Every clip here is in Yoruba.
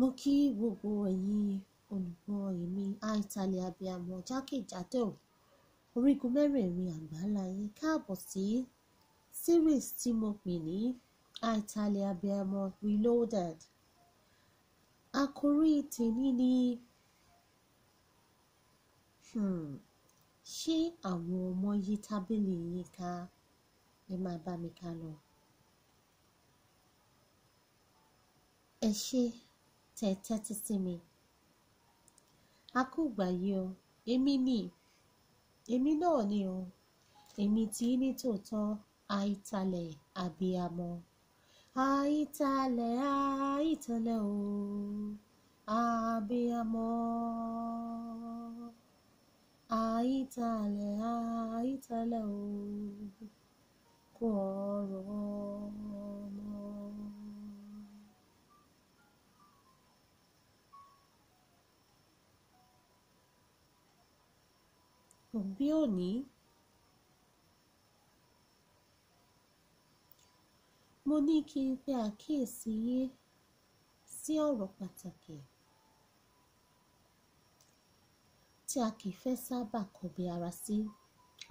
mo kí gbogbo ẹ̀yin olùgbọ́ èmi Aitale abiyamọ jákèjádò orígun mẹ́rẹ̀ẹ̀rin àgbáńlá yín káàbọ̀ sí series tí mo pè ní Aitale abiyamọ reloaded àkòrí tèmi ni hmm, ṣé àwọn ọmọ yí tábìlì yín ká ẹ máa bá mi ká lọ ẹ ṣé tẹ́ ẹ tẹ́tí sí mi. A kú ìgbà yìí o, èmi ni, èmi náà ni o, èmi tí í ní tòótọ́, àìtalẹ̀ àbíamọ. Àìtalẹ̀ àìtalẹ̀ o, àbíamọ. Àìtalẹ̀ àìtalẹ̀ o, kú ọ̀rọ̀ bí òní mo ní kí n pe àkíyèsí yín sí ọ̀rọ̀ pàtàkì tí a kì í fẹ́ sábà kọbi ara sí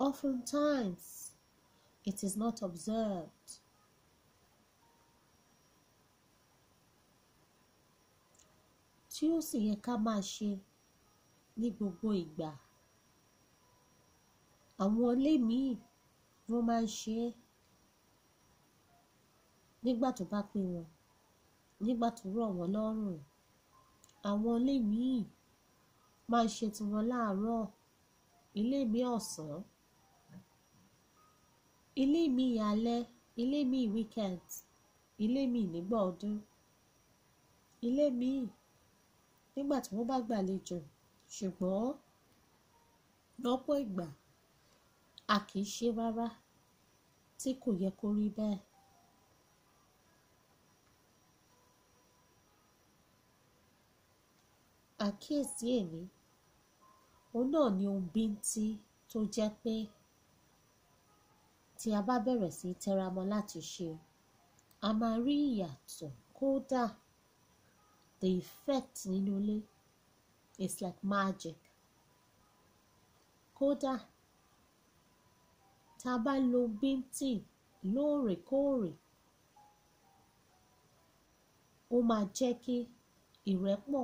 oftentimes it is not observed. tí ó sì yẹ ká máa ṣe ní gbogbo ìgbà. Àwọn ilé míì wọ́n máa ń ṣe é nígbà tó bá pé wọn, nígbà tó rọ̀ wọ́n lọ́rùn. Àwọn ilé míì máa ń ṣe tiwọn láàárọ̀, ilé míì ọ̀sán, ilé míì alẹ́, ilé míì weekend, ilé míì nígbà ọdún, ilé míì nígbà tí wọ́n bá gbàlejò. Ṣùgbọ́n lọ́pọ̀ ìgbà a kì í ṣe rárá tí kò yẹ kó rí bẹ́ẹ̀. àkíyèsí èyí òun náà ni ohun bíntín tó jẹ́ pé tí a bá bẹ̀rẹ̀ sí í tẹra láti ṣe a máa rí ìyàtọ̀ kódà the effect nínú ilé is like magic kódà tá a bá lo bíntìn lóòrèkóòrè ó máa jẹ́ kí ìrẹ́pọ̀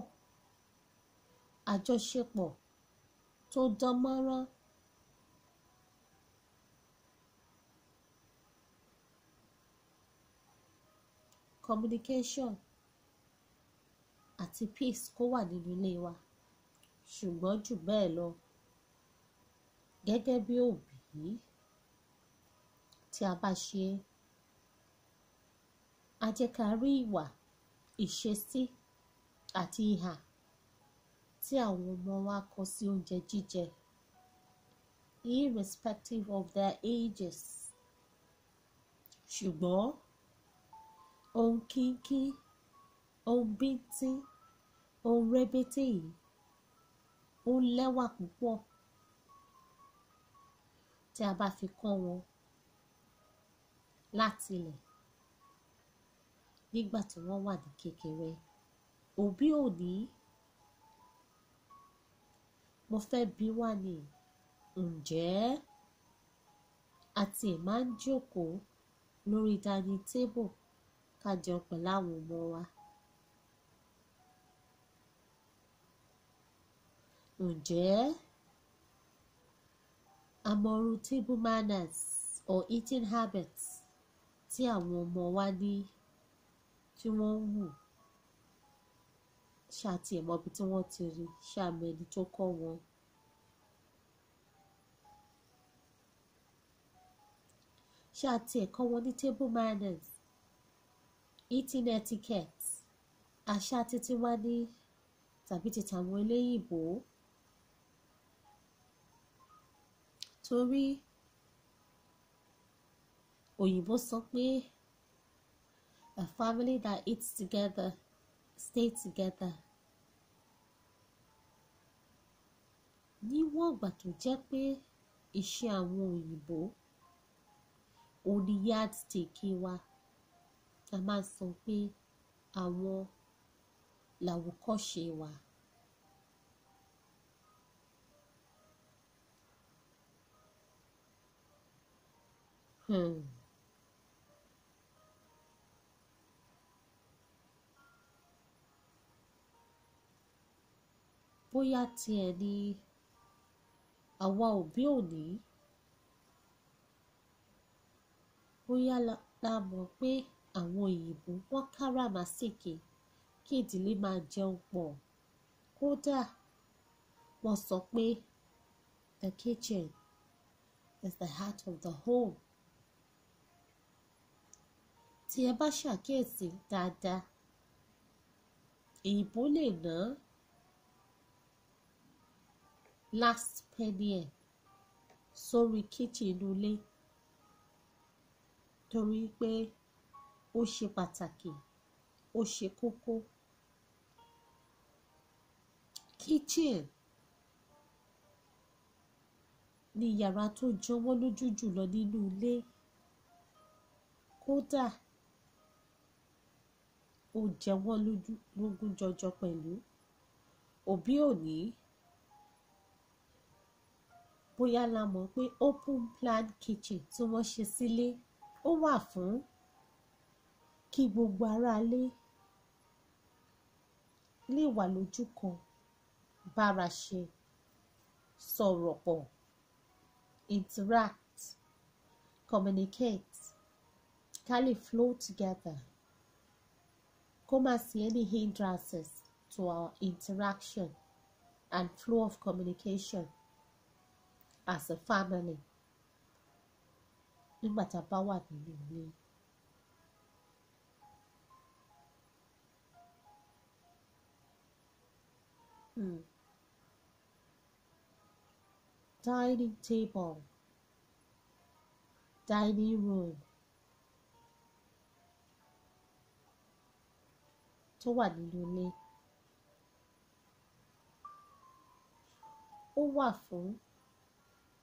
àjọṣepọ̀ tó dán mọ́rán communication àti peace kó wà nínú ilé wa ṣùgbọ́n jù bẹ́ẹ̀ lọ gẹ́gẹ́ bí òbí tí a bá ṣe é á jẹ́ ká rí ìwà ìṣesí àti ìhà tí àwọn ọmọ wa kọ sí oúnjẹ jíjẹ irrespective of their ages ṣùgbọ́n ohun kínkín ohun bíntín ohun rẹ́bẹ́tẹ́ yìí ó lẹ́wà púpọ̀ tí a bá fi kọ́ wọn láti ilẹ̀ nígbà tí wọ́n wà ní kékeré òbí ò ní mo fẹ́ bi wá ni ǹjẹ́ a tiẹ̀ máa ń jókòó lórí dining table ká jẹun pẹ̀lú àwọn ọmọ wa. Ǹjẹ́ a table manners or eating habits tí àwọn ọmọ wa ní tí wọ́n ń hù ṣáà tiẹ̀ mọ ibi tí wọ́n ti rí ṣáà mọ ẹni tó kọ́ wọn. ṣáà tiẹ̀ wọn ní table manners eating etiquette àṣà títí wá ní tàbí ti tàwọn eléyìíbò torí òyìnbó sọ pé a family that eats together stay together níwọ̀n ìgbà tó jẹ́ pé iṣẹ́ àwọn òyìnbó ò ní yardstick wa a máa sọ pé àwọn làwòkọ́ṣe wa. Hmm. bóyá tiẹ̀ ni àwa òbí òní bóyá la mọ̀ pé àwọn òyìnbó wọ́n káràmásìkì kí ìdílé máa jẹun pọ̀ kódà wọ́n sọ pé the kitchen is the heart of the home tí ẹ bá ṣàkíyèsí dáadáa èyìnbó lè ná last penny ẹ̀ sórí kitchen inú ilé torí pé ó ṣe pàtàkì ó ṣe kókó kitchen ni yàrá tó jọwọ́ lójú jùlọ nínú ilé kódà ó jẹwọ́ lógún jọjọ pẹ̀lú òbí òní bóyá la mọ̀ pé open plan kitchen tí wọ́n ṣe sílé ó wà fún kí gbogbo aráalé lè wà lójú kan bára ṣe sọ̀rọ̀ pọ̀ interact communicate ká lè flow together kó má sí any hindrances to our interaction and flow of communication as a family nígbà tá a bá wà nínú ilé. Hmm. Dining table, dining room tó wà nínú ilé. Ó wà fún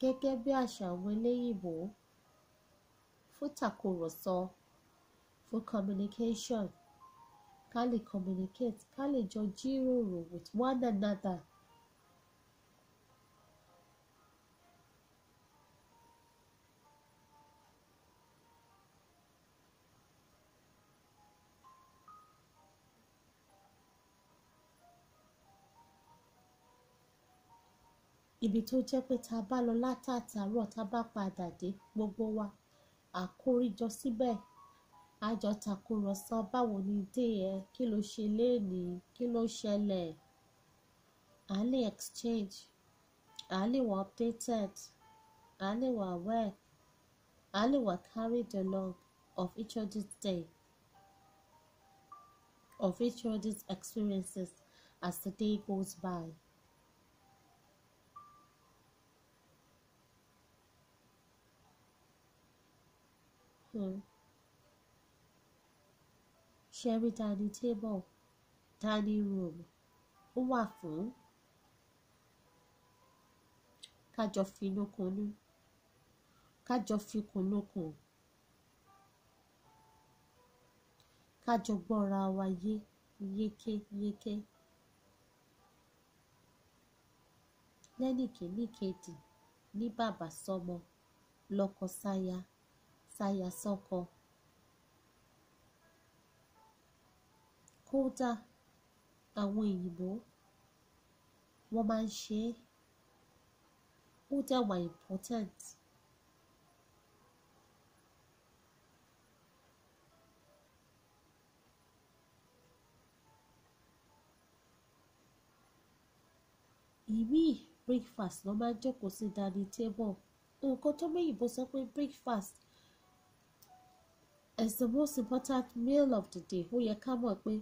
gẹ́gẹ́ bí àṣà àwọn eléyìnbó fún tàkùrọ̀sọ fún communication ká lè communicate ká lè jọ jíròrò with one another ibi tó jẹ́ pé tá a bá lọ látàtàárọ̀ tá a bá padà dé gbogbo wa àkóríjọ síbẹ̀ àjọ tàkúrọ̀sọ báwo ni dé ẹ kí ló ṣe léèní kí ló ṣẹlẹ̀ à ń exchange à ń wà updated à ń wà aware à ń lè wà carried along of each other's day of each other's experiences as the day goes by. him. Ṣẹ́rí dining table dining room ó wà fún kájọ finúkonú kájọ fikùnlukùn kájọ gbọ́ra wa yé yékéyéké lẹ́nìkínní kejì ní bàbá sọ́mọ lọ́kọ sáya saya sọ́kọ. kódà àwọn òyìnbó wọ́n máa ń ṣe é ó dẹ̀ wà important. ìmí breakfast ló máa ń jókòó sí dining table nǹkan tó mẹ́yìnbó sọ pé breakfast as the most important meal of the day ó yẹ ká mọ̀ pé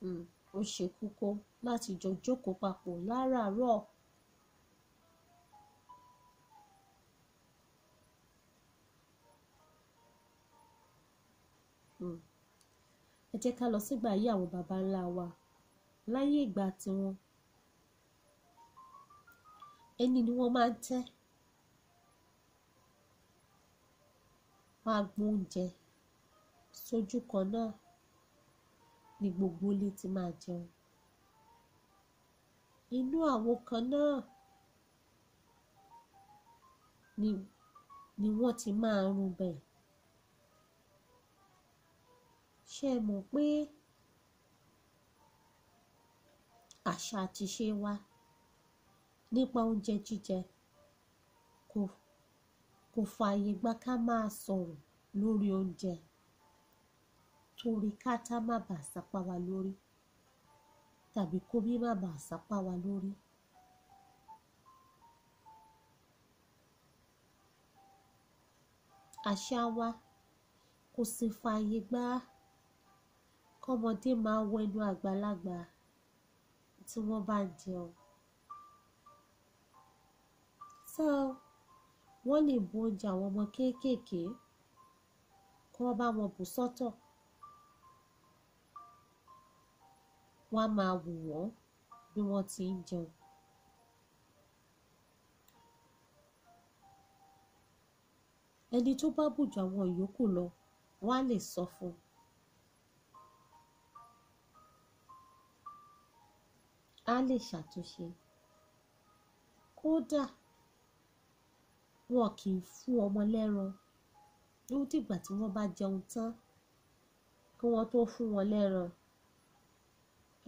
hmm, ó ṣe kókó láti jọ jókòó papọ̀ láràárọ̀. Hmm. ẹ jẹ́ ká lọ sígbà ayé àwọn baba ńlá wa láyé ìgbà tiwọn ẹni ni wọ́n máa ń tẹ́ wọ́n gbóúnjẹ sójú kan náà ni gbogbo ilé ti máa jẹun. Inú àwo kan náà ni, ni wọ́n ti máa rúbẹ̀. Ṣé ẹ mọ̀ pé àṣà àti ìṣe wa nípa oúnjẹ jíjẹ kò, kò fààyè gba ká máa sọ̀rọ̀ lórí oúnjẹ torí kátá má bàa sápá wa lórí tàbí kómi má bàa sápá wa lórí. àṣà wa kò sì fààyè gbà kọ́mọdé máa wọ ẹnu àgbàlagbà tí wọ́n bá ń jẹun. so wọ́n lè bu oúnjẹ àwọn ọmọ kéékèèké kí bá wọn bù sọ́tọ̀. So, wọ́n á máa wò wọ́n bí wọ́n ti ń jẹun. ẹni tó bá bù ju àwọn yòókù lọ wọ́n á lè sọ fún un. á lè ṣàtúnṣe kódà wọn kì í fún ọmọ lẹ́ran ló dìgbà tí wọ́n bá jẹun tán kí wọ́n tó fún wọn lẹ́ran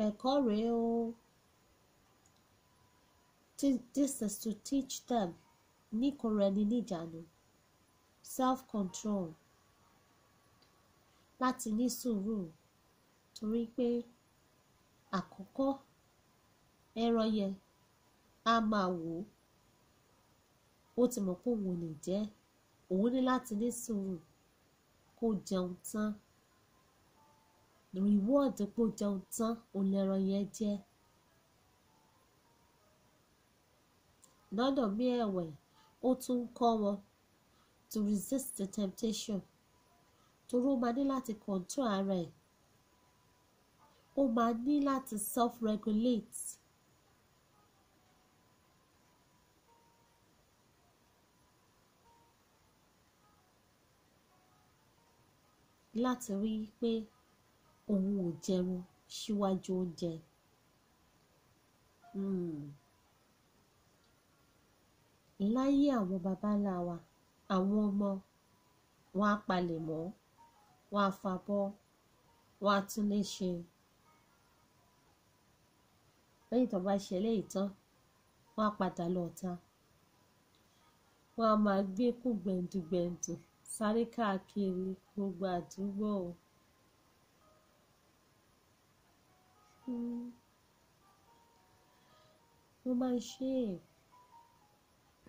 ẹ̀kọ́ rèé o this is to teach them níkora ẹni níjàánu self-control láti ní sùúrù torí pé àkọ́kọ́ ẹran yẹn á máa wò ó ó ti mọ̀ pé òun ò lè jẹ́ òun ní láti ní sùúrù kó jẹun tán reward pò jẹun tán òun lẹran yẹn jẹ́. lọ́nà míì ẹ̀wẹ̀ ó tún ń kọ́ wọn to resist the temptation torí ó máa ní láti control ara ẹ̀ ó máa ní láti self-regulate. láti rí i pé òun ò jẹun síwájú oúnjẹ. Hmm. láyé àwọn baba ńlá wa àwọn ọmọ wọn á palẹ̀mọ́ wọn á fabọ́ wọn á tún lè ṣe lẹ́yìn tó bá ṣe eléyìí tán wọ́n á padà lọ ta wọ́n á máa gbé kú gbẹ̀ǹdùgbẹ̀ǹdù sáré káàkiri gbogbo àdúgbò wọ́n máa ń ṣe é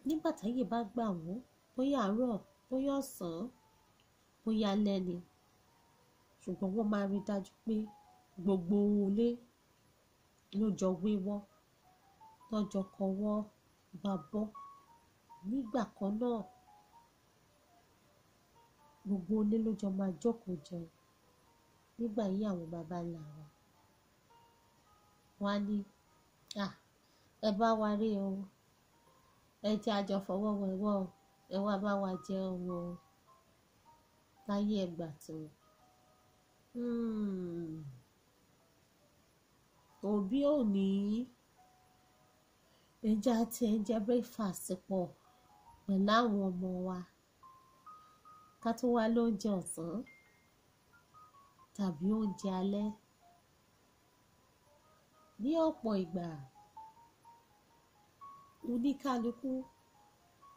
nígbà táyè bá gbà wọ́n bóyá àárọ̀ bóyá ọ̀sán bóyá alẹ́ ni ṣùgbọ́n wọ́n máa rí dájú pé gbogbo ohun ilé ló jọ wéwọ́ lọ́jọ́ kọwọ́ gbàbọ́ nígbà kan náà gbogbo ilé ló jọ máa jókòó jẹun nígbà yí àwọn baba ńlá wa wọ́n á ní à ẹ bá wa rí o ẹ jẹ́ àjọ fọwọ́ wẹ̀wọ́ o ẹ wá bá wa jẹ ọ̀wọ́ o láyé ẹgbà tó hmm. òbí ò ní ẹja tí ẹ jẹ breakfast pọ̀ pẹ̀lú àwọn ọmọ wa ká tó wá lóúnjẹ ọ̀sán tàbí oúnjẹ alẹ́ Ní ọ̀pọ̀ ìgbà oníkálukú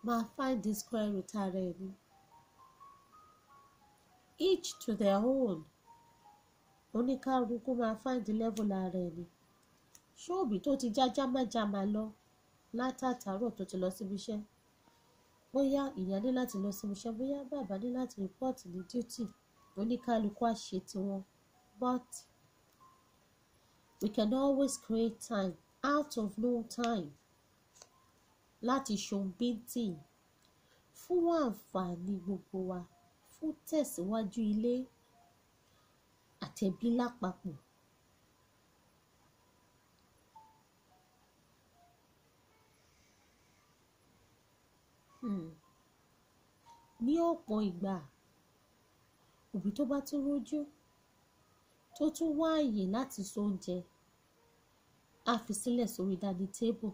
máa find the square root ara ẹni. Each to their own. Oníkálukú máa find the level ara ẹni. Ṣóòbí tó ti já jámájàmá lọ látàtàárọ̀ tó ti lọ síbi iṣẹ́ bóyá ìyá ní láti lọ síbi iṣẹ́ bóyá bàbá ní láti rìpọ́ọ̀tì ní duty oníkálukú á ṣe tiwọn but we can always create time out of no time láti ṣohun bíntín fún àǹfààní gbogbo wa fún tẹ̀síwájú ilé àtẹ̀bí lápapọ̀. Hmm. ní ọ̀pọ̀ ìgbà òbí tó bá tún rójú tó tún wá àyè láti so oúnjẹ á fi sílẹ̀ sórí dání tébù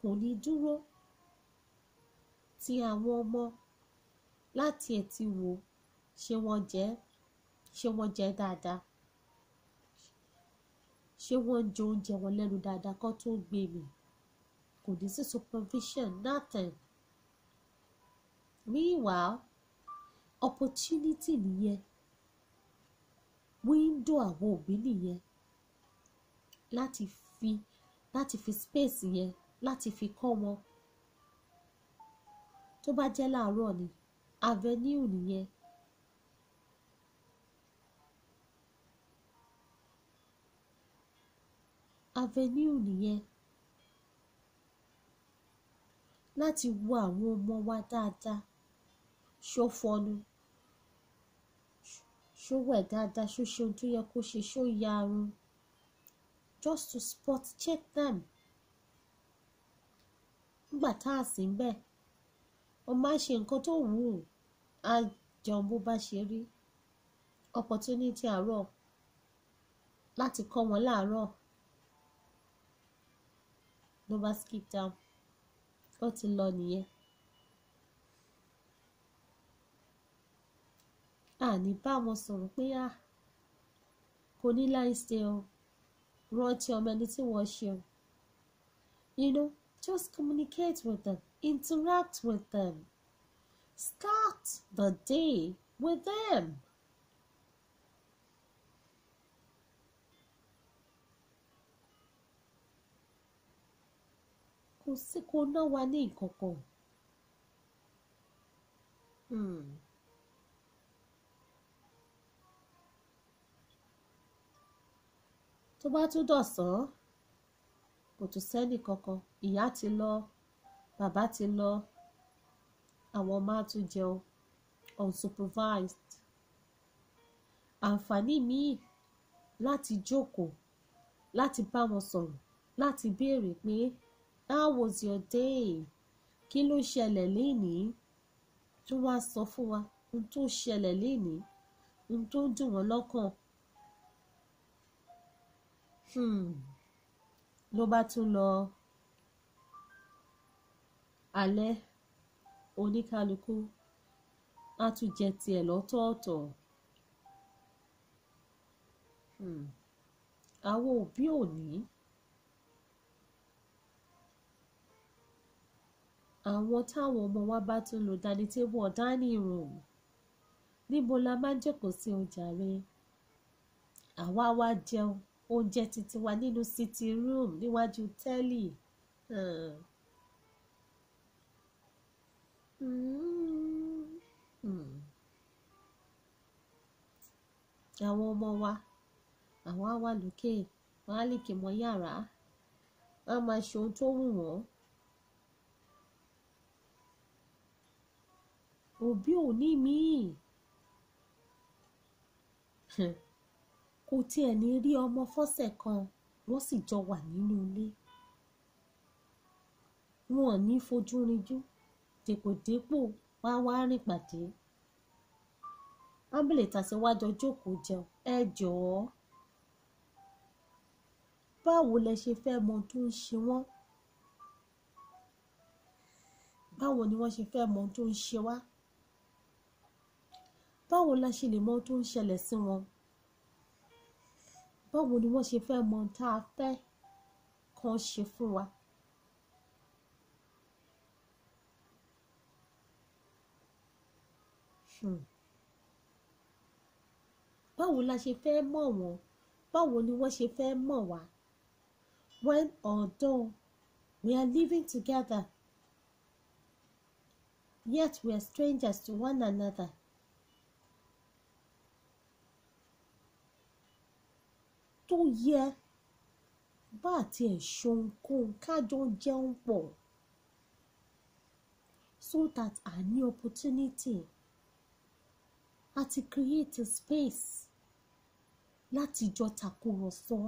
kò ní dúró ti àwọn ọmọ láti ẹ̀ ti wò ṣé wọ́n jẹ́ ṣé wọ́n jẹ́ dáadáa ṣé wọ́n jẹ oúnjẹ wọn lẹ́nu dáadáa kó tó gbé mi kò ní sí supervision nothing meanwhile opportunity nìyẹn wíńdò àwọn òbí nìyẹn láti fi láti fi space yẹn láti fi kọ́ wọn tó bá jẹ́ láàárọ̀ ni avenue nìyẹn avenue nìyẹn láti wo àwọn ọmọ wa dáadáa ṣó fọnu Show wẹ̀ dáadáa ṣó ṣe do your yẹ Show ṣe just to spot check them But tá a sì ń bẹ̀ ó máa ṣe nǹkan tó wù opportunity àárọ̀ láti kọ́ come láàárọ̀ ló bá skip down What ti lọ nìyẹn. àní bá wọn sọ̀rọ̀ pé à ah, kò ní láìsí o rántí ọmọ ẹni tí wọ́n ṣe o you know just communicate with them interact with them start the day with them. kò sí kó ná wa ní ìkọ̀kọ̀. Hmm. tó bá tún dọ̀sán kò tún sẹ́nì kankan ìyá ti lọ bàbá ti lọ àwọn máa tún jẹun unsupervised àǹfààní míì láti jókòó láti bá wọn sọ̀rọ̀ láti béèrè pé how was your day kí ló ṣẹlẹ̀ lénìí tó wá sọ fún wa ohun tó ṣẹlẹ̀ lénìí ohun tó dùn wọ́n lọ́kàn Hmm. ló bá tún lọ alẹ́ oníkálukú á tún jẹ tiẹ̀ lọ́tọ̀ọ̀tọ̀ hmm. àwọn òbí òní àwọn táwọn ọmọ wa bá tún lò dání tébù ọ̀dání room níbo la máa ń jẹ́kọ̀ọ́ sí ọjà rẹ àwa wá jẹun oúnjẹ titi wa nínú sitting room níwájú tẹ́lì. Uh. Mm. Mm. àwọn ọmọ wa àwọn á wà lókè wọn á lè kí mọ yàrá wọn á máa ṣe ohun tó wù wọn. òbí ò ní míì. kò tiẹ̀ ní rí ọmọ fọ́sẹ̀ kan wọ́n sì jọ wà nínú ilé wọn ò ní fojú rinjú dèpòdépò wá wá rìn pàdé ábílẹ̀ tàṣẹ wá jọ jókòó jẹun ẹ jọ̀ọ́ báwo lẹ ṣe fẹ́ mọ tó ń ṣe wọ́n báwo ni wọ́n ṣe fẹ́ mọ tó ń ṣe wá báwo la ṣe lè mọ tó ń ṣẹlẹ̀ sí wọn báwo ni wọ́n ṣe fẹ́ mọ tá a fẹ́ kan ṣe fún wa. Hmm. báwo la ṣe fẹ́ mọ̀ wọ́n báwo ni wọ́n ṣe fẹ́ mọ̀ wá when although we are living together yet we are strangers to one another tó yẹ bá àti ẹ̀ ṣohunkóhun kájọ jẹun pọ̀ so that a ní opportunity àti create a space láti jọ tàkúrọ̀sọ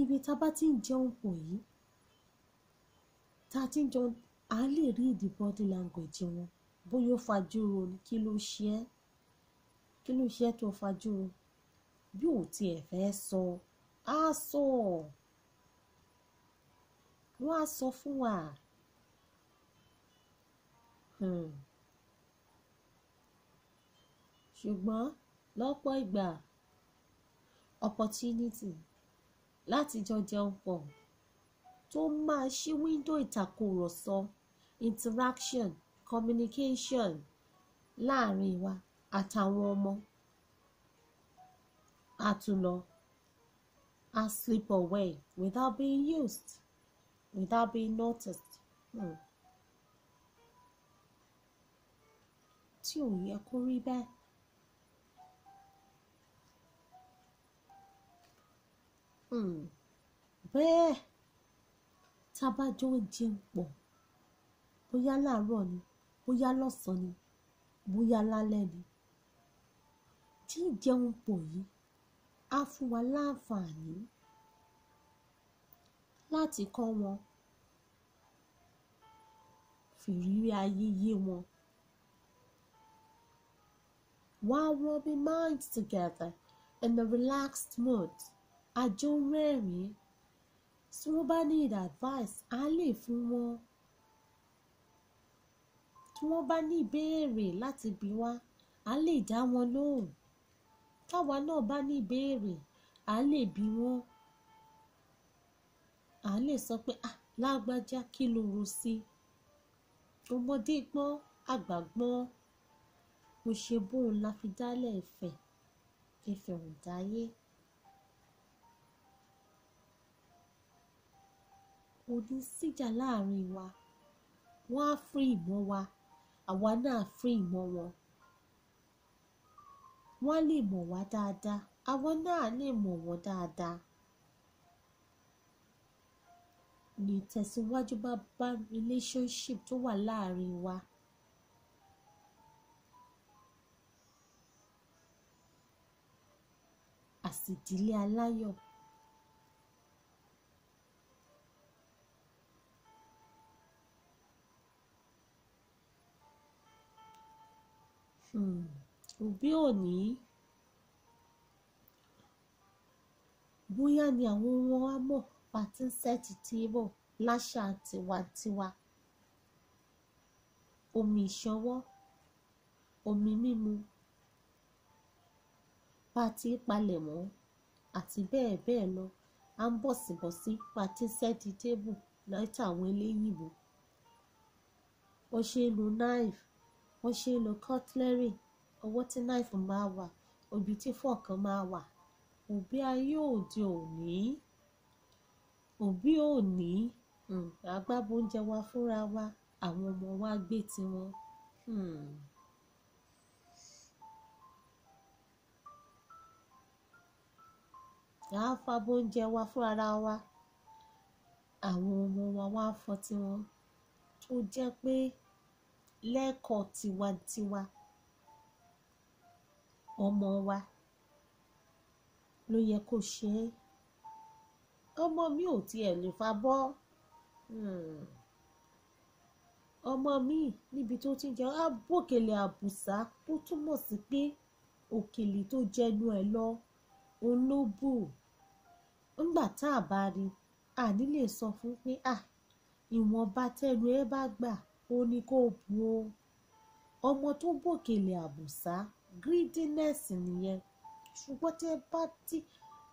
ibi tá a bá ti ń jẹun pọ̀ yìí tá a ti ń jọ à á lè rí ìdí body language wọn bóyá ó fajúro kí ló ṣe é kí ló ṣe é tó fajúro bí tiẹ̀ fẹ́ sọ á sọ wọ́n á sọ fún wa. Hmm. ṣùgbọ́n lọ́pọ̀ ìgbà opportunity láti jọ jẹun pọ̀ tó máa ṣí wíńdò ìtàkùrọ̀sọ interaction communication láàrin wa àtàwọn ọmọ a tún a slip away without being used without being noticed. Hmm. tí ò yẹ kó rí bẹ́ẹ̀. Hmm. bẹ́ẹ̀ tá a bá jọ jẹun pọ̀ bóyá láàárọ̀ ni bóyá lọ́sàn-án ni bóyá lálẹ́ ni jíjẹun pọ̀ yìí á fún wa láǹfààní láti kọ́ wọn fìrírí ayé yé wọn. While rubbing minds together in a relaxed mood, àjọ rẹ́rìn-ín tí wọ́n bá need advice á lè fún wọn. Tí wọ́n bá ní ìbéèrè láti bi wá, á lè dá wọn lóhùn táwa náà bá ní ìbéèrè à lè bi wọ́n à lè sọ pé ah lágbájá kí ló ro sí ọmọdé gbọ́n àgbà gbọ́n mo ṣe bóun la fi dálẹ̀ Ifẹ̀ Ifẹ̀ ò dáyé. kò síjà láàrin wa wọ́n á fún ìmọ̀ wa àwa náà fún ìmọ̀ wọn wọ́n lè mọ̀ wá dáadáa àwọn náà lè mọ̀ wọ́n dáadáa. ní ìtẹ̀síwájú bá bá relationship tó wà láàrin wa. àsìdílé aláyọ̀. Hmm bí òní bóyá ni àwọn wọn á mọ̀ bá ti ń sẹ́ẹ̀tì tébò láṣà tiwantiwa omi ìṣanwọ́ omi mímu bá ti ń palẹ̀mọ́ àti bẹ́ẹ̀ bẹ́ẹ̀ lọ à ń bọ̀sibọ̀sí bá ti ń sẹ́ẹ̀tì tébù láti eléyìnbó wọ́n ṣe ń lo knife wọ́n ṣe ń lo cutlery ọwọ́ tí náìfù máa wà òbí tí fọ́ọ̀kan máa wà òbí ayé òde òní òbí òní àgbàbọ̀ hmm, oúnjẹ wa fúnra wa àwọn ọmọ wa gbé tiwọn. Hmm. à ń fa bóúnjẹ wa fúnra wa àwọn ọmọ wa wá fọ tiwọn tó jẹ́ pé lẹ́kọ̀ọ́ tiwantiwa ọmọ wa ló yẹ kó ṣe é ọmọ mi ò tiẹ̀ lè fa bọ́ hmm. ọmọ mi níbi tó ti jẹ abókèlè àbùsá tó túmọ̀ sí pé òkèlè tó jẹnu ẹ̀ lọ òun ló bù ńgbà tá a bá rí àní lè sọ fún pé à ìwọ̀nba tẹnu ẹ bá gbà ó ní kó bu o ọmọ tó bòkèlè àbùsá greediness nìyẹn ṣùgbọ́n tẹ́ bá ti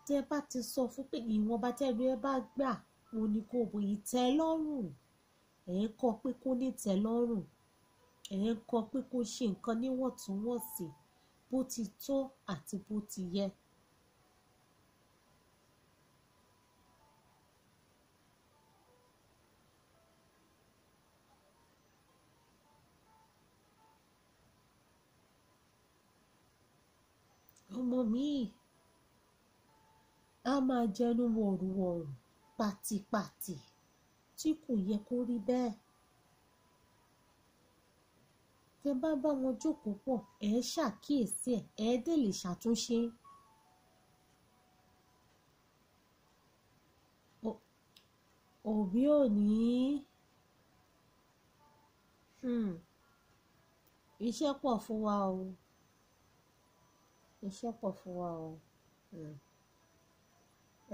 tẹ́ bá ti sọ fún pé ìwọ̀nba tẹ́lu ẹ bá gbà ó ní kó bo ìtẹ́lọ́rùn ẹ̀ ń kọ́ pé kó ní ìtẹ́lọ́rùn ẹ̀ ń kọ́ pé kó ṣe nǹkan níwọ̀ntúnwọ̀nsì bó ti tọ́ àti bó ti yẹ. míì á máa jẹnu wọ̀rùwọ̀rù pàtìpàtì tí kò yẹ kó rí bẹ́ẹ̀. tẹ bá bá wọn jókòó pọ̀ ẹ̀ ṣàkíyèsí ẹ̀ ẹ̀ ẹ́ lè ṣàtúnṣe. òbí ò ní hmm. iṣẹ́ pọ̀ fún wa o iṣẹ́ pọ̀ fún wa o hmm.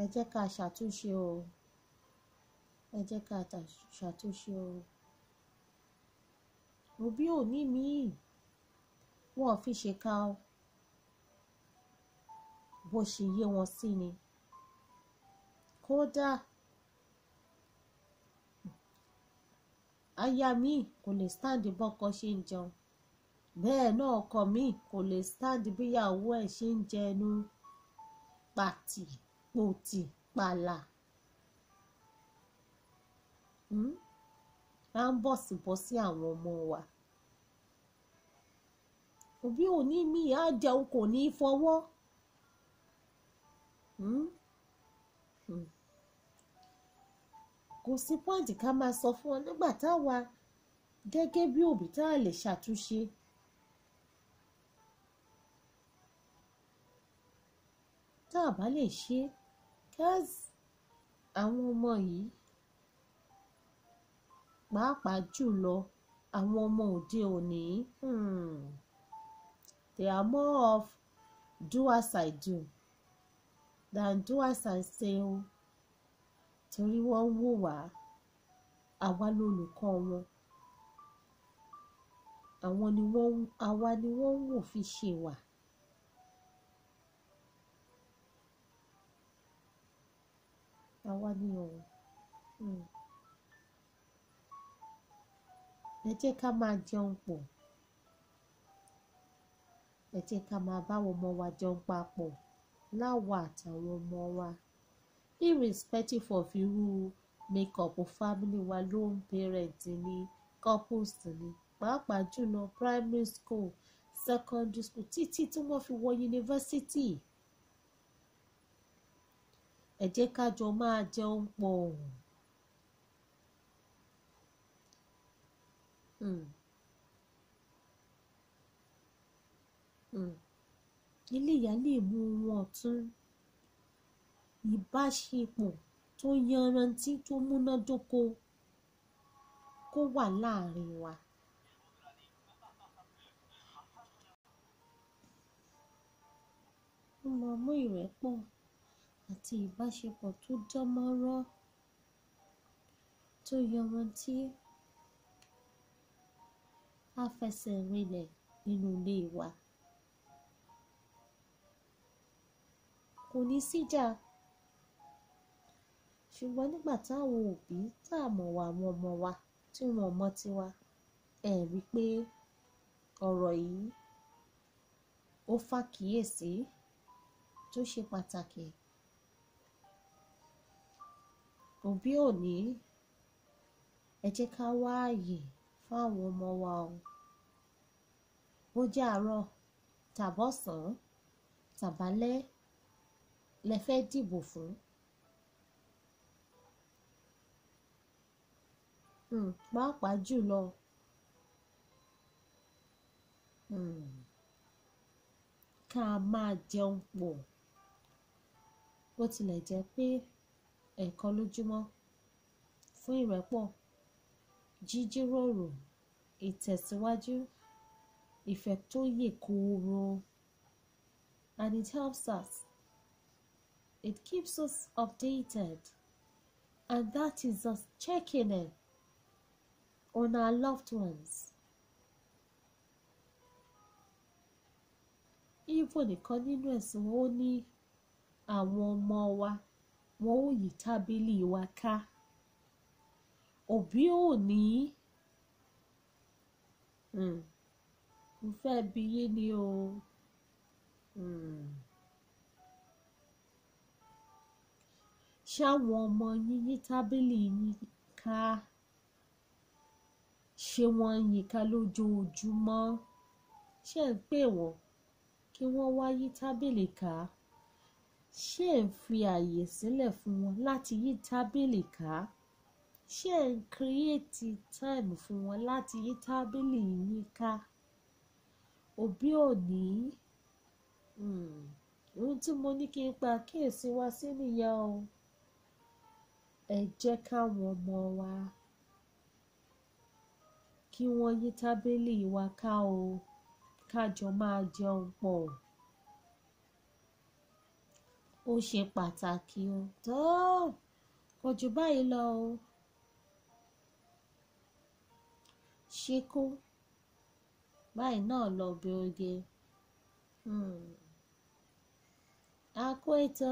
ẹ jẹ́ ká ṣàtúnṣe o ẹ jẹ́ ká ṣàtúnṣe o òbí òní míì wọn ò fi ṣèkà o bó ṣe yé wọn sí ni kódà aya mi kò lè stand bọ́kọ ṣe ń jẹun bẹ́ẹ̀ náà ọkọ mi kò lè stand bíyàwó ẹ̀ ṣe ń jẹnu pàtì pòtì pàlà à hmm? ń bọ̀sì bọ́ sí àwọn ọmọ wa òbí òní mi á jẹun kò ní í fọwọ́ hmm? Hmm. kò sí pọ́ǹtì ká máa sọ fún ọ nígbà táwa gẹ́gẹ́ bí òbí tá a lè ṣàtúnṣe. tá a bá lè ṣe é káàz àwọn ọmọ yìí pàápàá jùlọ àwọn ọmọ òde òní hmm, they are more of do as I do than do as I say o torí wọ́n wò wá àwa lolùkọ́ wọn àwọn ni àwa ni wọ́n wò fi ṣe wà. ara wa ní ọ̀run. Hmm. ẹ jẹ́ ká máa jẹun pọ̀ ẹ jẹ́ ká máa báwọn ọmọ wa jẹun papọ̀ láwa àtàwọn ọmọ wa irrespective of irú makeup family wa ló ń parent ni couples ni pàápàá jùlọ primary school secondary school títí tí wọ́n fi wọ yunifásítì ẹ jẹ́ ká jọ máa jẹun pọ̀ mm. mm. lè mú wọn tún ìbáṣepọ̀ tó yanrantí tó múnádóko kó wà láàrin wa. ó máa mú ìrẹ́pọ̀ àti ìbáṣepọ̀ tó dánmọ́nrán tó yanrantí. A fẹsẹ̀ rinlẹ̀ nínú ilé wa. Kò ní síjà ṣùgbọ́n nígbà táwọn òbí tá a mọ̀wà àwọn ọmọ wa tí wọn mọ tiwa ẹ̀ rí i pé ọ̀rọ̀ yìí ó fàkíyèsí tó ṣe pàtàkì òbí òní ẹ jẹ́ ká wá ààyè fún àwọn ọmọ wa o bó àárọ̀ tàbọ̀sán tàbálẹ́ lẹ fẹ́ dìbò fún. Hmm, pàápàá jùlọ hmm, ká máa jẹun pọ̀ bó tilẹ̀ jẹ́ pé ẹ̀ẹ̀kan lójúmọ́ fún ìrẹ́pọ̀ jíjíròrò ìtẹ̀síwájú ìfẹ́ tó yè kooro and it helps us it keeps us updated and that is us checking in on our loved ones. Ibo nìkan nínú ẹ̀sìn wo ní àwọn ọmọ wa wọn ó yí tábìlì wa ká òbí ò ní hmm. mo fẹ́ bi yín ni o hmm. ṣáwọn ọmọ yín yí tábìlì yín ká ṣé wọ́n ń yín ká lójoojúmọ́ ṣé ń pè wọ́n kí wọ́n wá yí tábìlì ká ṣé ẹ̀ ń fi ààyè sílẹ̀ fún wọn láti yí tábìlì ká ṣé ẹ̀ ń kírètì táìmù fún wọn láti yí tábìlì yín ká òbí òní hmm. ohun tí mo ní kí n pa kíyèsí wá sí nìyẹn o ẹ jẹ́ káwọn ọmọ wa kí wọ́n yí tábìlì wa ká o ká jọ máa jẹun pọ̀ ó ṣe pàtàkì o tó kò jù báyìí lọ o ṣíkú báyìí náà lọ bí oge hmm. a kó ètò